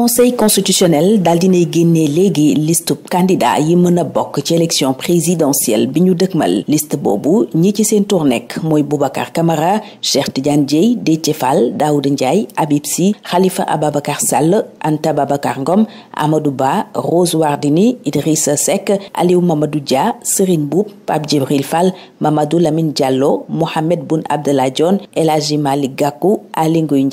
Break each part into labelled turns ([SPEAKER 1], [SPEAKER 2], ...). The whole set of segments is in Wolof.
[SPEAKER 1] conseil constitutionnel daal dinay génne léegi liste candidat yi mën a bokk ci élection présidentielle bi ñu mal list boobu ñi ci seen tour nekk mooy Boubacar Camara Cheikh Tidiane Dieye Déthié Fall Daouda Ndiaye Habib Sy Khalifa Ababacar Sall Anta Babacar Ngom Amadou Ba Rose Wardini Idrissa Seck Aliou Mamadou Dia Serigne Mboup Pape Djibril Fall Mamadou Lamine Diallo Mohamed Boun Abdallah Dionne El Hadji Malick Gakou Aly Ngouille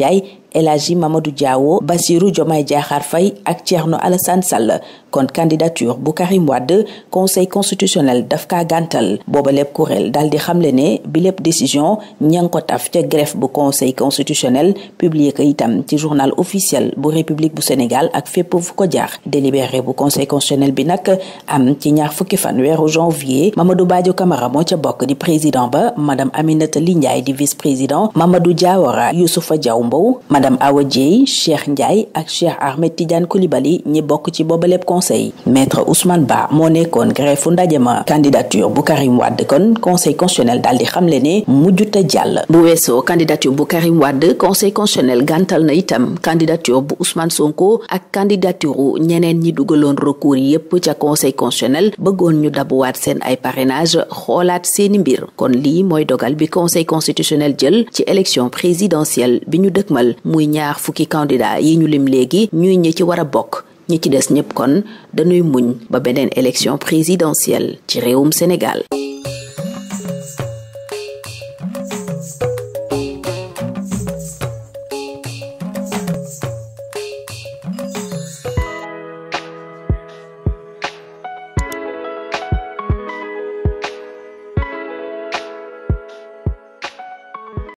[SPEAKER 1] El Hadji Mamadou Diawo Bassirou Diomaye Diakhar fay ak Thierno Alassane Sall kon candidature bu Karim Wade conseil constitutionnel daf ka gàntal booba lépp kuréel daal di xamle ne bi lépp décision ña ko taf ca greffe bu conseil constitutionnel publié itam ci journal officiel bu république bu Sénégal ak fépp fu ko jaar délibéré bu conseil constitutionnel bi nag am ci ñaar fukki fan weeru janvier du baajo Camara moo ca bokk di président ba madame Aminata Ly Ndiaye di vice président Mamadou Diawara Youssoufa Diaw madame Awa Dieye Cheikh Ndiaye ak Cheikh Ahmed Tidiane Coulibaly ñi bokk ci boobaleb conseil maître Ousmane Ba moo nekkoon greffu ndaje ma candidature bu Karim Wade kon conseil constitutionnel daal di xamle ne mujjuta jàll bu weesoo candidature bu Karim Wade conseil constitutionnel gàntal na itam candidature bu Ousmane Sonko ak candidature ñeneen ñi dugaloon recours yépp ca conseil constitutionnel bëggoon ñu dabuwaat seen ay parrainage xoolaat seeni mbir kon lii mooy muy ñaar fukki candidat yi ñu lim léegi ñuy ñi ci war a bokk ñi ci des ñëpp kon dañuy muñ ba beneen élection présidentielle ci réewum Sénégal